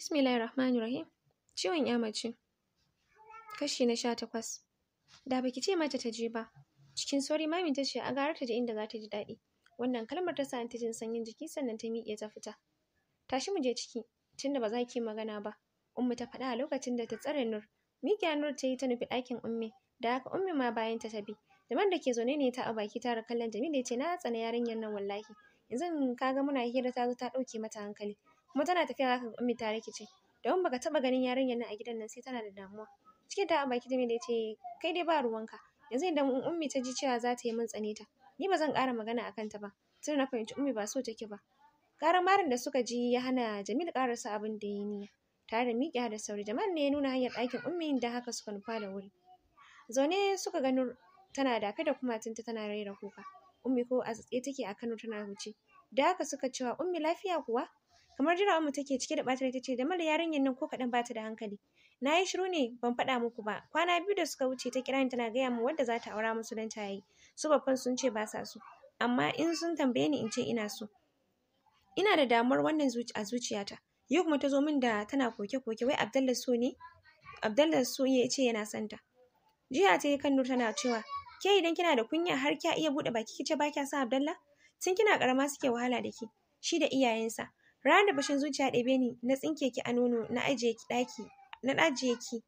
Bismillahirrahmanirrahim. Ciwon ya mace. Kashi na sha takwas. Da baki ce mata ta je ba. Cikin sauri mamin ta ce a gara ta je inda za ta ji daɗi. Wannan kalmar ta sa ta jin sanyin jiki sannan ta miƙe ta fita. Tashi mu je ciki tunda ba za ki magana ba. Ummu ta faɗa a lokacin da ta tsare Nur. Miƙiya Nur ta yi ta nufi ɗakin Ummi. Da haka Ummi ma bayan ta bi. jamar da ke zaune ne ta a baki tara kallon Jamilu ya ce na tsana yarinyar nan wallahi. Yanzu kaga muna hira ta zo ta ɗauke mata hankali. kuma tana tafiya zaka ga ummi ta rikice domin baka taba ganin yarinyar nan a gidan nan sai tana da damuwa cikin ta a baki da ya ce kai dai ba ruwan ka. yanzu idan ummi ta ji cewa za ta yi mun tsane ta ni ba zan ƙara magana akan ta ba tun na fahimci ummi ba so take ba ƙarar marin da suka ji ya hana Jamil ƙarasa abin da ya niyya tare da miƙe da sauri Jamal ne ya nuna hanyar ɗakin ummi da haka suka nufa da wuri zaune suka ga tana dafe da kumatunta tana raira kuka ummi ko a tsaye take a Kano tana huce da haka suka cewa ummi lafiya kuwa Kamar jira mu take cike da ɓata rai tace Jamala yarinyar nan ko kaɗan bata da hankali. Na yi shiru ne ban faɗa muku ba. Kwana biyu da suka wuce ta kira ni tana gaya min wadda za ta aura musu dan ta yi. Su babban sun ce ba so. Amma in sun tambaye ni in ce ina so. Ina da damuwar wannan a zuciyata. Yau kuma ta zo min da tana koke-koke wai Abdallah so ne? Abdallah so ya ce yana santa. Jiya ta yi kan Nur tana cewa ke idan kina da kunya har kya iya buɗe baki kice ba kya san Abdallah? Tun kina karama suke wahala da ke, shi da iyayensa. Ranar da bashin zuciya ya ɗebe ni, na tsinke ki a nono, na ajiye ki ɗaki, na ajiye ki,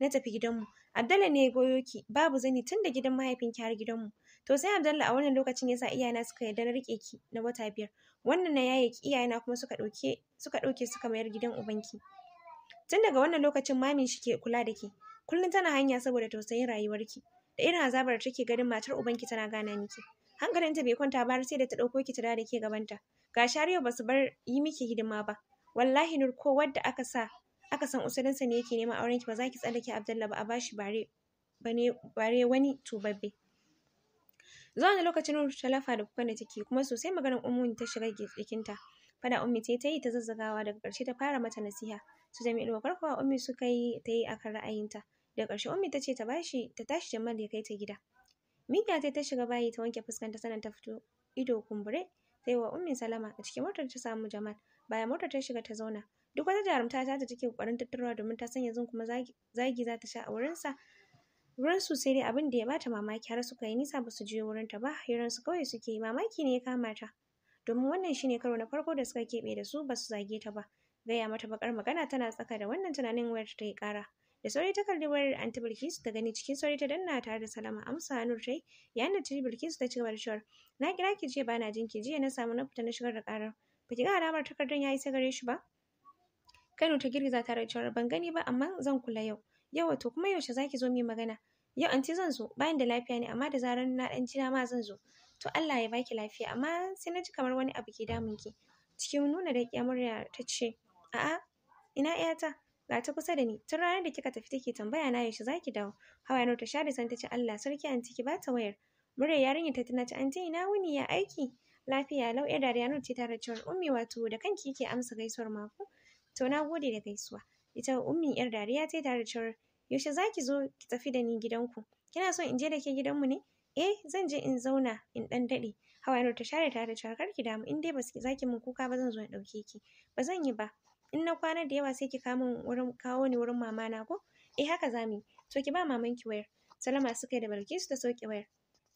na tafi gidanmu. Abdallah ne ya goyo ki, babu zani tun da gidan mahaifinki har gidanmu. To sai Abdallah a wannan lokacin yasa iyayena suka yarda na riƙe ki na wata biyar. Wannan na yaye ki iyayena kuma suka ɗauke suka ɗauke suka mayar gidan ubanki. Tun daga wannan lokacin mamin shi ke kula da ke. Kullum tana hanya saboda tausayin rayuwarki. Da irin azabar take ganin matar ubanki tana gana miki. Hankalinta bai kwanta ba har sai da ta ɗauko ki ta da ke gabanta. ga shariyo basu bar yi miki hidima ba wallahi nur ko wadda aka sa aka san usulinsa ne yake neman aurenki ba za ki tsallake abdallah ba a bashi bare bane bare wani tubabbe zuwa wani lokacin nur ta lafa da kukan da take kuma sosai maganar ummi ta shiga jikinta fada ummi ta ta yi ta zazzagawa daga ƙarshe ta fara mata nasiha su jami'u wa karfawa ummi suka yi ta yi akan ra'ayinta daga karshe ummi ta ce ta bashi ta tashi jamal ya kai ta gida mikiya ta shiga bayi ta wanke fuskanta sannan ta fito ido kumbure ta yi ummi salama a cikin motar ta samu jamal bayan motar ta shiga ta zauna duk wata jarumta ta ta take kokarin tattarawa domin ta san yanzu kuma zagi za ta sha a wurinsa wurin su sai dai abin da ya bata mamaki har suka yi nisa ba su je wurin ta ba hiran su kawai suke mamaki ne ya kama ta domin wannan shine karo na farko da suka keɓe da su ba su zage ta ba gaya mata bakar magana tana tsaka da wannan tunanin wayar ta yi kara. da sauri ta kalli wayar anti bilkisu ta gani cikin sauri ta danna tare da salama amsa hannun tai yayin da tiri bilkisu ta cigaba da cewar na kira ki jiya bana jin ki jiya na samu na fita na shigar da karar ki ga alamar takardar yi sai gare shi ba Kano ta girgiza tare da cewar ban gani ba amma zan kula yau Yau wato kuma yaushe za ki zo mu magana yau anti zan zo bayan da lafiya ne amma da zaran na dan jina ma zan zo to Allah ya baki lafiya amma sai na ji kamar wani abu ke damun ki cikin nuna da murya ta ce a'a ina 'yata ga ta kusa da ni tun ranar da kika tafi take tambaya na yaushe zaki dawo hawaye ta share san tace Allah sarki anti ki bata wayar murya yarinya ta tana ta anti ina wuni ya aiki lafiya lau yar dariya nur ta tare cewar ummi wato da kanki yake amsa gaisuwar mako to na gode da gaisuwa ita ummi yar dariya ta tare cewar yaushe zaki zo ki tafi da ni gidanku kina son in je da ke gidanmu ne eh zan je in zauna in dan dade hawaye ta share tare cewar kar ki damu in dai ba zaki min kuka ba zan zo in dauke ki ba zan yi ba in na kwana da yawa sai ki kawo min wurin kawo ni wurin mama na ko eh haka zamu to ki ba maman ki wayar salama suka yi da Bilkisu ta sauke wayar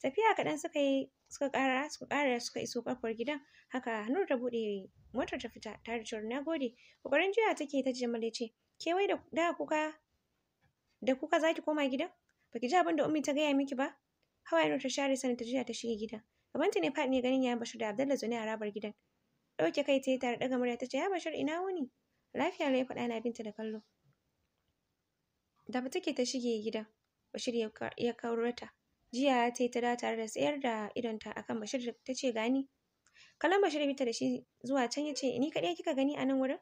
tafiya kaɗan suka yi suka ƙara suka ƙara suka iso ƙofar gidan haka Nur ta buɗe motar ta fita ta da na gode ƙoƙarin juya take ta ce mallai ce ke wai da da kuka da kuka zaki koma gidan Ba ki ji abin da ummi ta gaya miki ba hawaye Nur ta share sanin ta juya ta shige gidan gabanta ne faɗi ne ganin ya bashi da Abdallah zaune a harabar gidan ɗauke kai ta yi tare ɗaga murya ta ce ya Bashir ina wuni Lafiya ne ya faɗa na binta da kallo. Da ba take ta shige gida, Bashir ya kaurata. Jiya ta yi ta dawo tare da tsayar da idonta akan Bashir ta ce gani. Kallon Bashir binta da shi zuwa can ya ce ni kaɗai kika gani a nan wurin?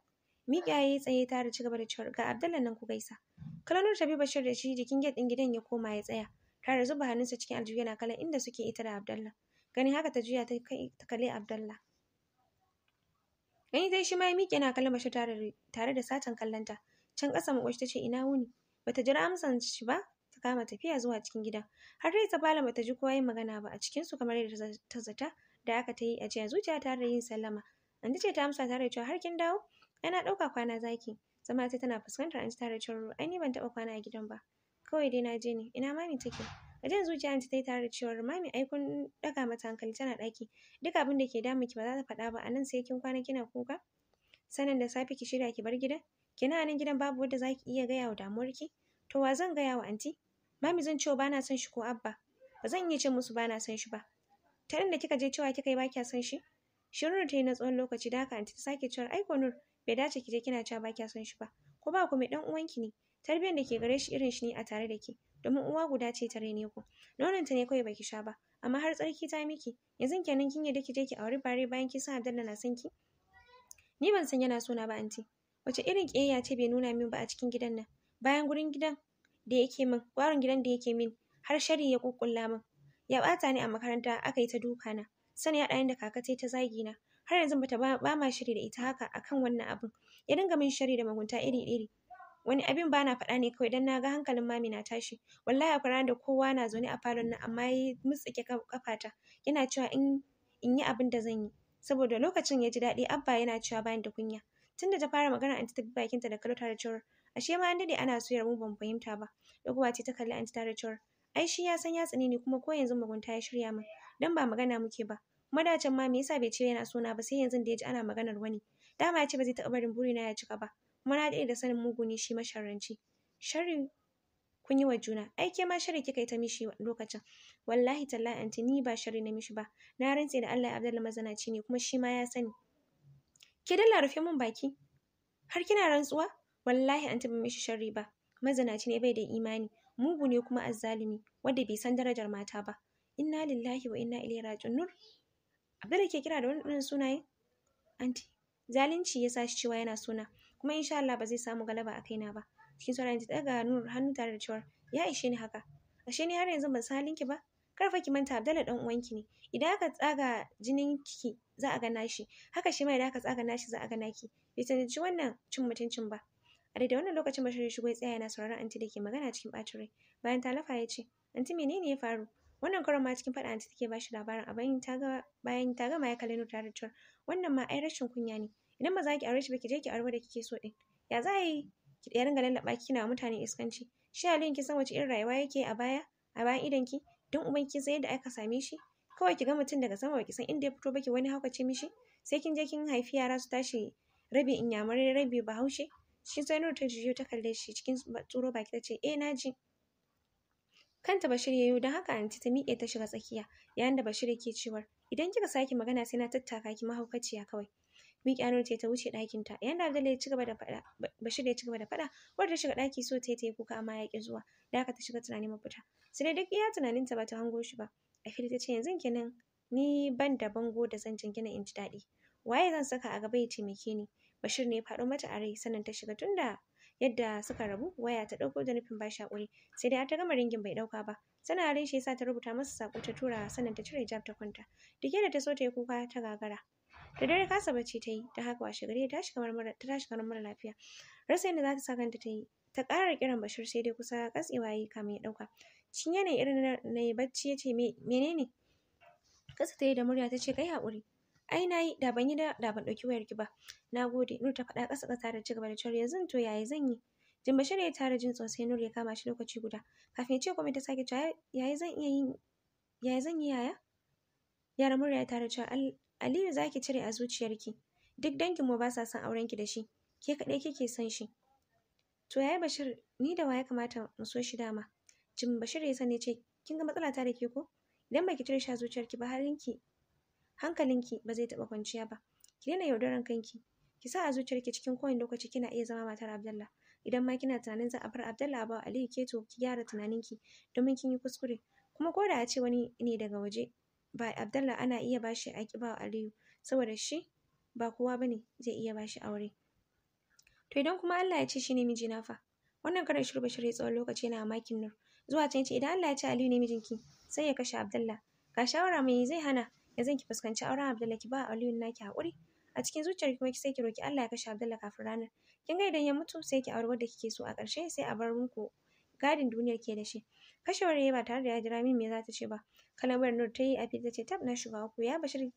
Miƙa ya yi tsaye tare ci gaba da cewar ga Abdallah nan ku gaisa. Kallon ta bi Bashir da shi jikin gate ɗin gidan ya koma ya tsaya. Tare zuba hannunsa cikin aljihu yana kallon inda suke ita da Abdallah. gani haka ta juya ta kalli Abdallah. Gani dai shi ma ya miƙe yana kallon mace tare, tare da satan kallonta. Can ƙasa maƙoci ta ina wuni. Bata jira amsan shi ba, ta kama tafiya zuwa cikin gida. Har dai Zabala bata ji kowa yin magana ba a cikin su kamar yadda ta zata da aka tayi yi a jiya zuciya tare da yin sallama. An ce ta amsa tare da cewa har kin dawo? Yana ɗauka kwana zaki. Zama sai tana fuskantar an ci tare da cewa ai ni ban taɓa kwana a gidan ba. Kawai dai na je ne. Ina mami take? Ajiyar zuciya anti ta yi tare da cewar mami ai kun daga mata hankali tana ɗaki. Duk abin da ke damun ki ba za ta faɗa ba anan sai kin kwana kina kuka. Sanin da safe ki shirya ki bar gidan. Kina nan gidan babu wanda za ki iya gaya wa damuwar ki. To wa zan gaya wa anti? Mami zan cewa bana son shi ko abba. Ba zan iya ce musu bana son shi ba. Ta da kika je cewa kika yi ba kya son shi? Shirin ta yi na tsawon lokaci da haka anti ta sake cewa ai Nur bai dace ki je kina cewa ba kya son shi ba. Ko ba ku mai dan uwanki ne. Tarbiyyar da ke gare shi irin shi ne a tare da ke. domin uwa guda ce ta raine ku. nonon ta ne kawai baki sha ba, amma har tsarki ta miki. Yanzu kenan kin yadda ki je ki auri bare bayan kin san Abdalla na son ki? Ni ban san yana so na ba anti. Wace irin ƙiyayya ce bai nuna min ba a cikin gidan nan? Bayan gurin gidan da yake min, gwarin gidan da yake min, har shari ya kukkulla min. Ya ɓata ni a makaranta aka yi ta duka na. Sani ya da kaka ta zagi na. Har yanzu bata ba ma shiri da ita haka akan wannan abun. Ya dinga min shari da mugunta iri-iri. wani abin bana faɗa ne kawai dan naga hankalin mami na tashi wallahi akwai ranar da kowa na zaune a falon nan amma ya mutsike kafata yana cewa in in yi abin da zan yi saboda lokacin ya ji daɗi abba yana cewa bani da kunya tunda ta fara magana anti ta bi bakinta da kallo tare cewar ashe ma an daɗe ana soyar mu ban fahimta ba ɗagowa ce ta kalli anti tare cewar ai shi ya san ya tsini ne kuma ko yanzu mugunta ya shirya min dan ba magana muke ba kuma da can ma me yasa bai ce yana sona ba sai yanzu da ya ji ana maganar wani dama ya ce ba zai taɓa barin burina ya cika ba kuma na da sanin muguni shi masharranci sharri kun yi wa juna ai ke ma sharri kika yi ta mishi lokacin wallahi tallahi anti ni ba sharri na mishi ba na rantse da Allah abdalla mazanaci ne kuma shi ma ya sani ke dalla rufe mun baki har kina rantsuwa wallahi anti ban mishi sharri ba mazanaci ne bai da imani mugu ne kuma azzalumi wanda bai san darajar mata ba inna lillahi wa inna ilaihi raji'un nur Abdullahi ke kira da wannan sunaye anti zalunci ya sa shi cewa yana suna kuma insha Allah ba zai samu galaba a kaina ba cikin sauran ta daga nur hannu tare da cewar ya ishe ni haka ashe ni har yanzu ban san ki ba karfa ki manta Abdallah dan uwanki ne idan aka tsaga jinin ki za a ga nashi haka shi idan aka tsaga nashi za a ga naki bai tanaji wannan cin mutuncin ba a da wannan lokacin bashir ya shigo ya tsaya yana sauraron anti da ke magana cikin ɓacin rai bayan ta lafa ya ce anti ne ya faru wannan karon ma cikin faɗa anti take bashi labarin a bayan ta gama ya kalli nur tare da wannan ma ai rashin kunya ne idan ba za ki aure shi ba ki je ki aure da kike so din ya za yi ki ya ringa lallaɓa ki kina mutane iskanci shi Aliyu kin san wace irin rayuwa yake a baya a bayan idon ki don uban kin san yadda aka same shi kawai ki ga mutum daga sama ki san inda ya fito ba baki wani haukace mishi sai kin je kin haifi yara su tashi rabi inyamurai rabi bahaushe shi sai Nura ta juyo ta kalle shi cikin tsoro baki ta ce eh ji. kanta Bashir ya yi don haka anti ta miƙe ta shiga tsakiya yayin da Bashir yake cewa idan kika sake magana sai na tattaka ki mahaukaciya kawai miƙa nur ta wuce ɗakin ta yanda ya cigaba da faɗa Bashir ya cigaba da faɗa wanda ta shiga ɗaki so ta yi kuka amma ya ƙi zuwa da haka ta shiga tunanin mafita sai dai duk iya tunanin ta bata hango shi ba a fili ta ce yanzu kenan ni ban da bango da zan jingina in ji daɗi waye zan saka a gaba ya taimake ni Bashir ne ya faɗo mata a rai sannan ta shiga tunda yadda suka rabu waya ta ɗauko da nufin bashi haƙuri sai dai har ta gama ringin bai ɗauka ba sana rai shi yasa ta rubuta masa saƙo ta tura sannan ta cire jab ta kwanta dike da ta so ta yi kuka ta gagara da dare kasa bacci ta yi ta haka washe gari ta tashi kamar mara ta tashi kamar mara lafiya rasa yadda za ta sa kanta ta yi ta ƙara kiran bashir sai dai kusa katsewa yi kamin ya ɗauka shi yana irin na yi bacci ya ce menene kasa ta yi da murya ta ce kai haƙuri ai na yi da ban yi da ban ɗauki wayarki ba na gode nur ta faɗa ƙasa ƙasa da cigaba da cewa yanzu to yaya zan yi jin bashir ya tara jin tsosai nur ya kama shi lokaci guda kafin ya ce komai ta sake cewa yaya zan iya yin yaya zan yi yaya yara murya ya tara cewa Aliyu za ki cire a zuciyarki. Duk danginmu ba sa son aurenki da shi, ke kaɗai kike son shi. To yaya Bashir, ni da wa ya kamata mu so shi dama? Jim Bashir ya sani ce, kin ga matsala ta da ke ko? Idan ba ki cire shi a zuciyarki ba halinki, hankalinki ba zai taɓa kwanciya ba. Ki daina yaudaran kanki. Ki sa a zuciyarki cikin kowane lokaci kina iya zama matar Abdallah. Idan ma kina tunanin za a bar Abdallah bawa Aliyu Keto ki gyara tunaninki domin kin yi kuskure. Kuma ko da a ce wani ne daga waje ba Abdallah ana iya bashi a ba Aliyu saboda shi ba kowa bane zai iya bashi aure to idan kuma Allah ya ce miji na fa wannan karin shirba shirye tsawon lokaci yana makin nur zuwa can ce idan Allah ya ce Aliyu ne mijinki sai ya kashe Abdallah ga shawara mai zai hana yanzu ki fuskanci auren Abdallah ki ba Aliyu naki hakuri a cikin zuciyar kuma sai ki roki Allah ya kashe Abdallah kafin ranar kin ga idan ya mutu sai ki aure wadda kike so a ƙarshe sai a bar muku gadin duniyar ke da shi kashewar yayi ba tare da ya jira min me za ta ce ba kalamar nur ta yi a fili ce tab na shiga ku ya bashir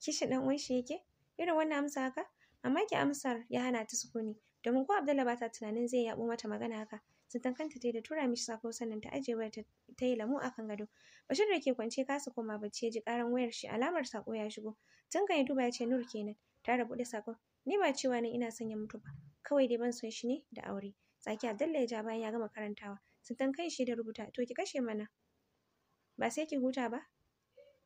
kishi dan uwan shi yake irin wannan amsa haka amma ki amsar ya hana ta sukuni domin ko Abdullah ba ta tunanin zai yabo mata magana haka zantan tayi ta da tura mishi sako sannan ta ajiye wayar ta tayi lamu akan gado bashir da ke kwance kasa koma bacci ya ji karan wayar shi alamar sako ya shigo tun kan ya duba yace ce nur kenan ta rabu da sakon ni ba cewa ne ina son ya mutu ba kawai dai ban son shi ne da aure tsaki Abdullah ya ja bayan ya gama karantawa zantan kai shi da rubuta to ki kashe mana ba sai ki huta ba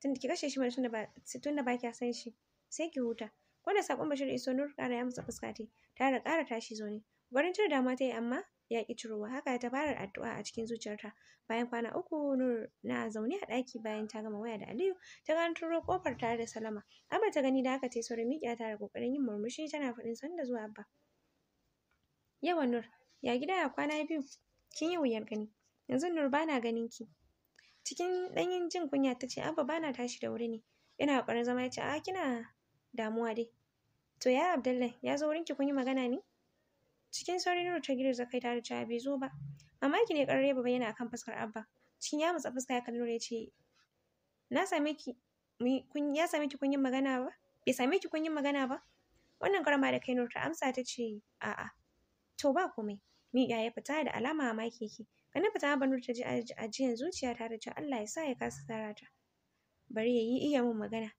tunda ki kashe shi mana tunda ba tunda ba kya san shi sai ki huta ko da sakon Bashir iso Nur kara ya masa fuska ta tare kara tashi zo ne barin da dama ta yi amma ya ki cirowa haka ta fara addu'a a cikin zuciyarta bayan kwana uku Nur na zaune a daki bayan ta gama waya da Aliyu ta gano turo kofar tare da Salama amma ta gani da haka ta saurin miƙa tare kokarin yin murmushi tana faɗin sanda zuwa Abba yawa Nur ya gida ya kwana biyu kin yi wuyar gani yanzu Nur bana ganin ki cikin ɗanyen jin kunya ta ce abba bana tashi da wuri ne yana ƙoƙarin zama ya ce a kina damuwa dai to ya abdallah ya zo wurinki kun yi magana ne cikin sauri nuru ta girgiza kai ta da bai zo ba mamaki ne ƙarare baba yana akan fuskar abba cikin ya matsa fuska ya kalli nuru ya ce na same ki kun ya same ki kun yi magana ba bai same ki kun yi magana ba wannan karama da kai nuru ta amsa ta ce a'a to ba komai miƙa ya fita da alama mamaki ki ta fita Banur ta ji ajiyan zuciya ta da Allah ya sa ya kasa tara ta. Bari ya yi iya mun magana.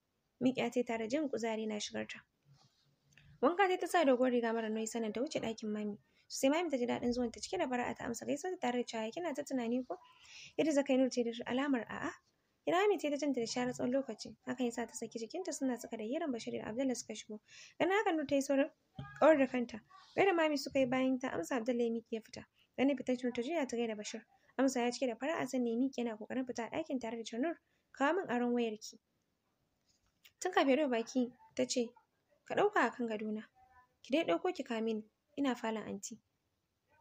Miƙa ta tare jin kuzari na shigar ta. Wanka ta sa doguwar riga mara nauyi sannan ta wuce ɗakin mami. Sai mami ta ji zuwan ta cike da bara'a ta amsa gaisuwa ta tare da cewa kina ta tunani ko? Yadda yi nur ce da alamar a'a. Ina Irami ta janta da share tsawon lokaci, hakan yasa ta saki jikinta suna saka da hiran Bashir da abdullahi suka shigo. Ganin haka ta yi saurin kawar da kanta. Gaida mami suka yi bayan ta amsa abdullahi ya ya fita. ganin fitar Nurtajiya ta gaida Bashir. Amsa ya cike da fara'a sannan Miki yana kokarin fita ɗakin tare da Janur. Kawo min aron wayarki. Tun kafin rufe baki ta ce, Ka ɗauka a kan gadona. Ki dai ɗauko ki kame ni. Ina falon anti.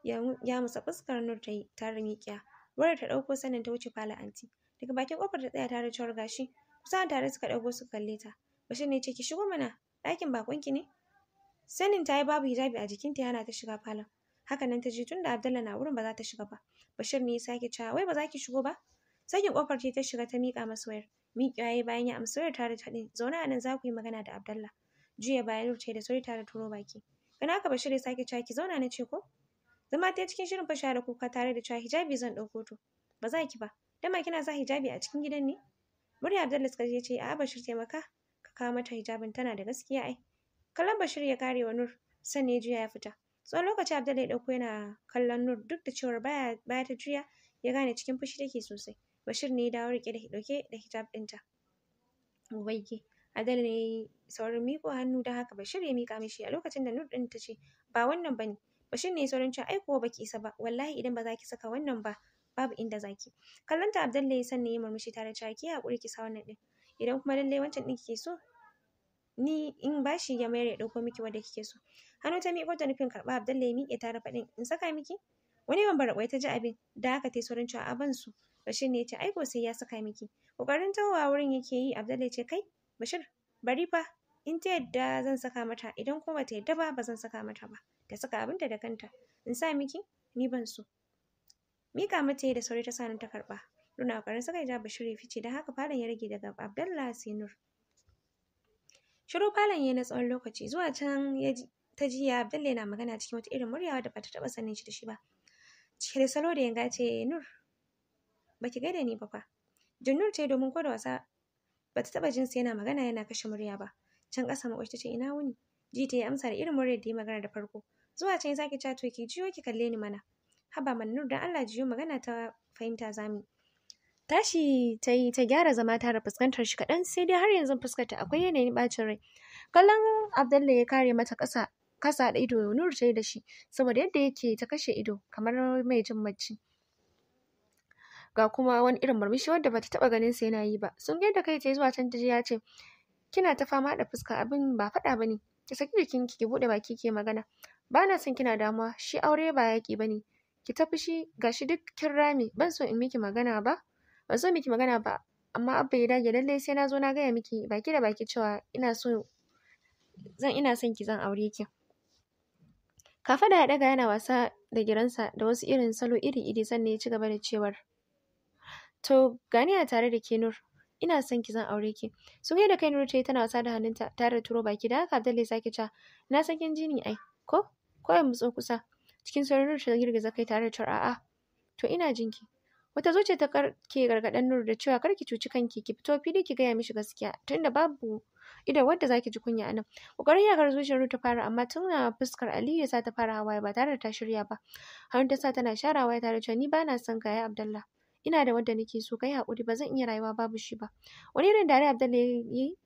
Ya musa fuskar Nur ta yi tare da Wayar ta ɗauko sannan ta wuce falon anti. Daga bakin ƙofar ta tsaya tare da cewar gashi. Kusa tare suka ɗauko suka kalle ta. Bashir ne ce, Ki shigo mana. Ɗakin bakonki ne? Sanin ta yi babu hijabi a jikinta yana ta shiga falon. haka nan ta tun tunda Abdallah na wurin ba za ta shiga ba Bashir ne ya sake cewa wai ba za ki shigo ba sakin kofar ce ta shiga ta miƙa masa wayar Miƙa yayi bayan ya amsa wayar tare da haɗin Zauna a nan za ku yi magana da Abdallah juya bayan ce da sauri tare da turo baki kana haka Bashir ya sake cewa ki zauna na ce ko zama ta cikin shirin fasha da kuka tare da cewa hijabi zan ɗauko to ba za ki ba dama kina sa hijabi a cikin gidan ne murya Abdallah suka ce a Bashir taimaka ka kawo mata hijabin tana da gaskiya ai kallon Bashir ya kare wa Nur sannan juya ya fita tsawon lokaci Abdul ya ɗauko yana kallon Nur duk da cewar baya baya ta juya ya gane cikin fushi take sosai Bashir ne ya dawo riƙe da ɗauke da hijab ɗinta Ubangi, Adal ne saurin miƙo hannu don haka Bashir ya miƙa mishi a lokacin da Nur ɗin ta ce ba wannan bane Bashir ne saurin cewa ai kuwa baki isa ba wallahi idan ba za ki saka wannan ba babu inda zaki kallon ta Abdul ya sanne ya murmushi tare da cewa ki haƙuri ki sa wannan ɗin idan kuma lallai wancan ɗin kike so ni in bashi ya mayar ya ɗauko miki wanda kike so hannu ta miƙo ta nufin karɓa abdalla ya miƙe tare faɗin in saka miki wani bambara ta ji abin da haka ta saurin cewa a ban su bashir ne ya ce ai ko sai ya saka miki ƙoƙarin tawowa wurin yake yi abdalla ya ce kai bashir bari fa in ta yadda zan saka mata idan kuma bata yadda ba ba zan saka mata ba ta saka abinta da kanta in sa miki ni ban so mika mata da sauri ta sanin ta karɓa Luna ƙoƙarin saka hijab Bashir ya fice don haka falon ya rage daga abdalla sai Nur. Shiru falon yayi na tsawon lokaci zuwa can ya ta jiya bello yana magana cikin wata irin murya da bata taba sanin shi da shi ba. Cike da salo da yanga ce Nur baki gaida ni ba fa. Nur ce domin ko da wasa bata taba jin yana magana yana kashe murya ba. Can ƙasa ta ce ina wuni. Ji ta yi amsa da irin muryar da ya magana da farko. Zuwa can ya sake cewa to ki jiyo ki kalle ni mana. Haba man Nur dan Allah jiyo magana ta fahimta zamu. Tashi ta yi ta gyara zama tara fuskantar shi kaɗan sai dai har yanzu fuskarta akwai yanayin ɓacin rai. Kallon Abdullahi ya kare mata ƙasa kasa da ido ya ta da shi saboda yadda yake ta kashe ido kamar mai jin Ga kuma wani irin murmushi wadda bata taɓa ganin sa yana yi ba. Sun da kai ta yi zuwa can ta ya ce kina ta fama da fuska abin ba faɗa bane ki saki jikinki ki buɗe baki ke magana. Bana son kina damuwa shi aure ba yaƙi bane. Ki tafi shi gashi duk kin rame ban so in miki magana ba. ban so miki magana ba amma abba ya dage lallai sai na zo na gaya miki baki da baki cewa ina so zan ina son ki zan aure ki kafada ya daga yana wasa da giransa da wasu irin salo iri iri sannan ya ci gaba da cewar to gani a tare da ke nur ina son ki zan aure ki sun da kai nur ce tana wasa da hannunta tare da turo baki da haka Abdul ya sake ca na san kin ji ni ai ko ko yanzu kusa cikin sauran ta girgiza kai tare da cewa a'a to ina jinki wata zuciya ta ke gargaɗin nuru da cewa kar ki cuci kanki ki fito fili ki gaya mishi gaskiya tunda babu idan wadda zaki ji kunya anan kokarin yakar zuciyar ta fara amma tun a fuskar Aliyu sa ta fara hawaye ba tare da ta shirya ba har ta sa tana share hawaye tare cewa ni bana son ka ya Abdullah ina da wadda nake so kai hakuri ba zan iya rayuwa babu shi ba wani irin dare Abdullah yi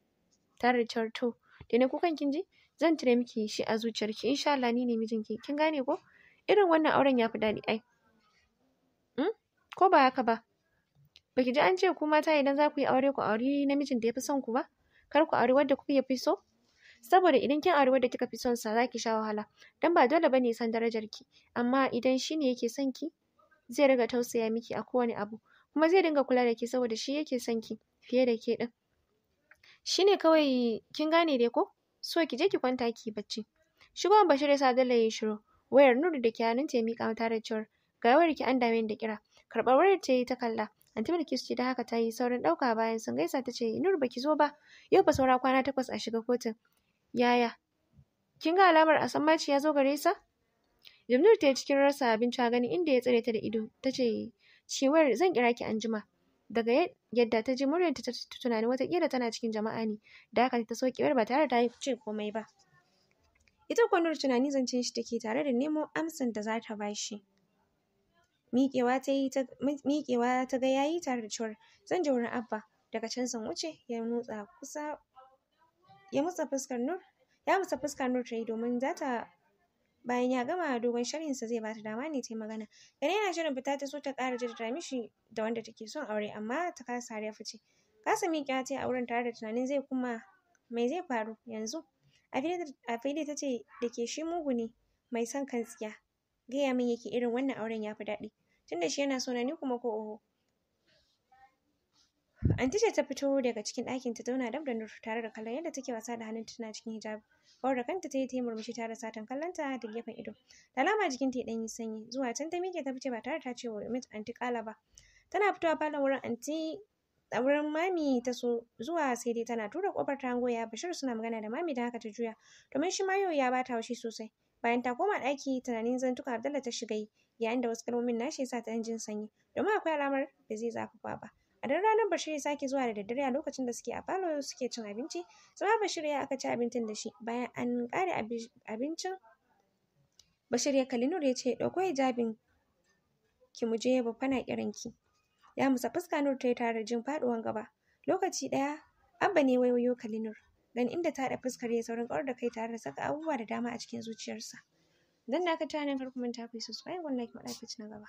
tare da cewar to da ne kukan kin ji zan cire miki shi a zuciyarki insha Allah ni ne mijinki kin gane ko irin wannan auren ya fi daɗi ai ko ba haka ba baki ji an ce ku mata idan za ku yi aure ku auri namijin da ya fi son ku ba kar ku auri wadda kuka fi so saboda idan kin auri wadda kika fi son sa zaki sha wahala dan ba dole bane san darajar ki amma idan shi ne yake son ki zai riga tausaya miki a kowane abu kuma zai dinga kula da ki saboda shi yake son ki fiye da ke din shi ne kawai kin gane dai ko so ki je ki kwanta ki bacci Shigo bashir ya sa dala ya shiro wayar nuru da ke hannunta ya mika mata da cewar ga wayar ki an dame da kira karɓar wayar ta yi ta kalla anti bilkis ce da haka ta yi saurin ɗauka bayan sun gaisa ta ce nur baki zo ba yau ba saura kwana takwas a shiga kotun yaya kin ga alamar a sammaci ya zo gare sa jamnur ta yi cikin rasa abinci a ganin inda ya tsare ta da ido ta ce cewar zan kira ki anjima daga yadda ta ji muryarta ta tunani watakila tana cikin jama'a ne da haka ta so kiwar ba tare da ce komai ba ita kwanar tunani zancen shi take tare da nemo amsan da za ta bashi miƙewa ta gayayi ga yayi tare da cewar zan je abba daga can sun wuce ya nutsa kusa ya mutsa fuskar nur ya fuskar nur ta domin za ta bayan ya gama dogon sharhinsa zai bata dama ne ta yi magana idan yana shirin fita ta so ta ƙara jaddada mishi da wanda take son aure amma ta kasa ya fice kasa miƙewa ta yi a wurin tare da tunanin zai kuma mai zai faru yanzu a fili ta ce da ke shi mugu ne mai son kan tsiya gaya min yake irin wannan auren ya fi daɗi tunda shi yana so na ni kuma ko oho Anti ce ta fito daga cikin ɗakin ta zauna dab da Nur tare da kallon yadda take wasa da hannunta tana cikin hijabi Kawar da kanta ta yi ta yi murmushi tare da satan kallonta da gefen ido. Da alama ta ya yi sanyi. Zuwa can ta miƙe ta fice ba tare ta ce wa Umit anti ƙala ba. Tana fitowa falon wurin anti a wurin mami ta so zuwa sai dai tana tura ƙofar ta hango ya Bashir suna magana da mami da haka ta juya. Domin shi ma yau ya bata haushi sosai. Bayan ta koma ɗaki tunanin zantuka Abdallah ta shiga yi yayin da wasu kalmomin nashi ya sa ta jin sanyi domin akwai alamar ba zai zafafa ba. A dan ranar Bashir ya sake zuwa da daddare a lokacin da suke a falo suke cin abinci, sama Bashir ya aka ci abincin da shi bayan an kare abincin Bashir ya kalli Nur ya ce ɗauko hijabin ki muje? je babba na kiran ki. Ya musa fuska Nur ta yi tare jin faɗuwan gaba. Lokaci ɗaya Abba ne waiwayo kalli Nur. Dan inda ta haɗa fuskar ya saurin kawar da kai tare da saka abubuwa da dama a cikin zuciyarsa. Dan na ka nan kar ku manta ku yi subscribe wannan ki faɗa na gaba.